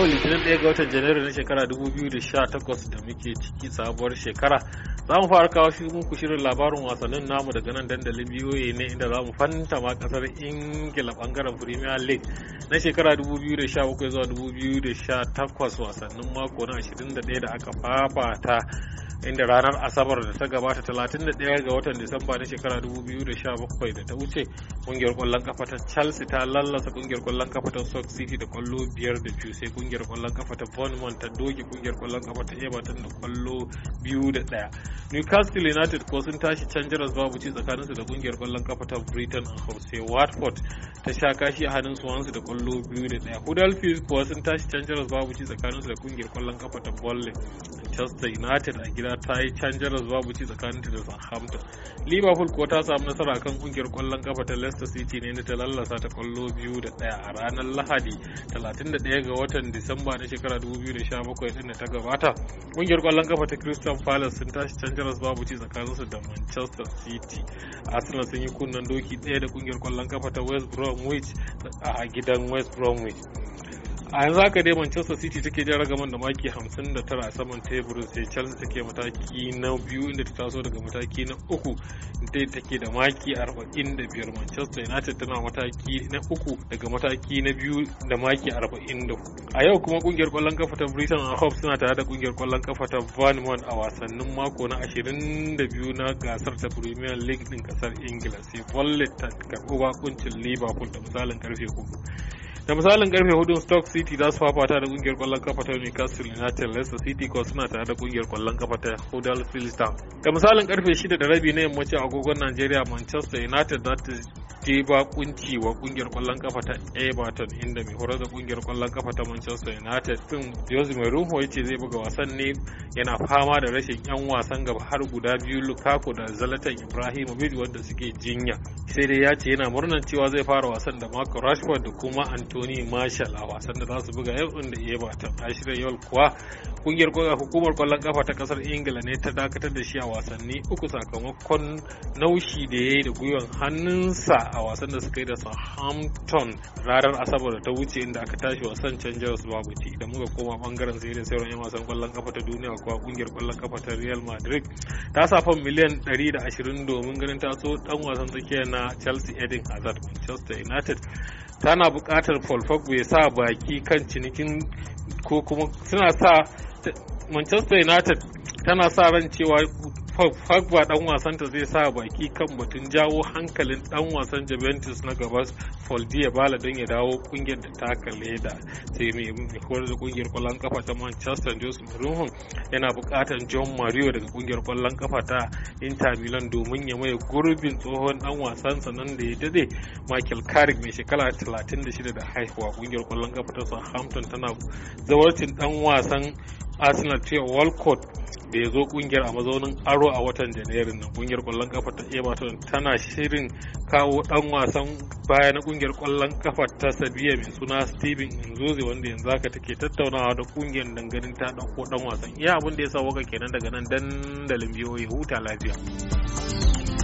yau litinin ɗaya ga watan janairu na shekara 2018 da muke ciki sabuwar shekara za mu fara kawo shi muku shirin labarin wasannin namu daga nan dandalin biyoyi ne inda za mu fanta ma kasar ingila bangaren premier league na shekara 2017 zuwa 2018 wasannin mako na 21 da aka fafata inda ranar asabar da ta gabata 31 ga watan disamba na shekara 2017 da ta wuce kungiyar kwallon kafa ta chelsea ta lallasa kungiyar kwallon kafa ta stoke city da kwallo biyar da biyu sai kungiyar kwallon kafa ta Bournemouth ta doge kungiyar kwallon kafa ta Everton da kwallo biyu da daya. Newcastle United ko sun tashi can babu ci tsakaninsu da kungiyar kwallon kafa ta Britain and Horse Watford ta sha kashi a hannun Swansea da kwallo biyu da daya. Huddersfield ko sun tashi can babu ci tsakaninsu da kungiyar kwallon kafa ta Burnley manchester united a gida ta yi canjaras babu ci tsakanin da southampton liverpool ko ta samu nasara kan kungiyar kwallon kafa ta leicester city ne ta lallasa ta kwallo biyu da daya a ranar lahadi 31 ga watan disamba na shekara 2017 din da ta gabata kungiyar kwallon kafa ta crystal palace sun tashi canjaras babu ci tsakaninsu da manchester city arsenal sun yi kunnen doki daya da kungiyar kwallon kafa ta west bromwich a gidan west bromwich a yanzu haka dai manchester city take jan ragaman da maki 59 a saman teburin sai chelsea take mataki na biyu inda ta taso daga mataki na uku ta take da maki 45 manchester united tana mataki na uku daga mataki na biyu da maki 44 a yau kuma kungiyar kwallon kafa ta britain a hope suna tare da kungiyar kwallon kafa ta vanmon a wasannin mako na 22 na gasar ta premier league din kasar ingila sai volley ta karbi bakuncin liverpool da misalin karfe 4 da misalin karfe hudun stock city za su fafata da kungiyar kwallon kafa ta newcastle united leicester city ko suna tare da kungiyar kwallon kafa ta hudal philistine da misalin karfe shida da rabi na yammacin agogon nigeria manchester united za ta ta ba wa kungiyar kwallon kafa ta Everton inda mai horar da kungiyar kwallon kafa ta Manchester United din Jose Mourinho ya ce zai buga wasan ne yana fama da rashin yan wasan gaba har guda biyu Lukaku da Zlatan Ibrahimovic wanda suke jinya sai dai ya ce yana murnar cewa zai fara wasan da Marco Rashford da kuma Anthony Martial a wasan da za su buga yau da Everton a shirya yau kuwa kungiyar hukumar kwallon kafa ta kasar Ingila ne ta dakatar da shi a wasanni uku sakamakon naushi da ya yi da gwiwan hannunsa a wasan da suka yi da Southampton ranar Asabar da ta wuce inda aka tashi wasan can zuwa babu da muka koma bangaren sai da sauran 'yan wasan kwallon kafa ta duniya kuwa kungiyar kwallon kafa ta Real Madrid ta safa miliyan 120 domin ganin taso dan wasan tsakiya na Chelsea Eden Hazard Manchester United tana buƙatar Paul Pogba ya sa baki kan cinikin ko kuma suna sa Manchester United tana sa ran cewa Fagba dan wasanta zai sa baki kan batun jawo hankalin dan wasan Juventus na gabas ya Bala don ya dawo kungiyar da taka leda sai mai horar da kungiyar kwallon kafa ta Manchester Jose Mourinho yana bukatar John Mario daga kungiyar kwallon kafa ta Inter Milan domin ya maye gurbin tsohon dan wasan sanan da ya dade Michael Carrick mai shekara 36 da haihuwa kungiyar kwallon kafa ta Southampton tana zawarcin dan wasan Arsenal Theo Walcott da ya zo kungiyar a mazaunin aro a watan janairun nan kungiyar kwallon kafa ta everton tana shirin kawo dan wasan baya na kungiyar kwallon kafa ta sabiya mai suna steven nzozi wanda yanzu haka take tattaunawa da kungiyar dangarin ta dauko dan wasan iya abin da ya sa waka kenan daga nan dandalin biyu ya huta lafiya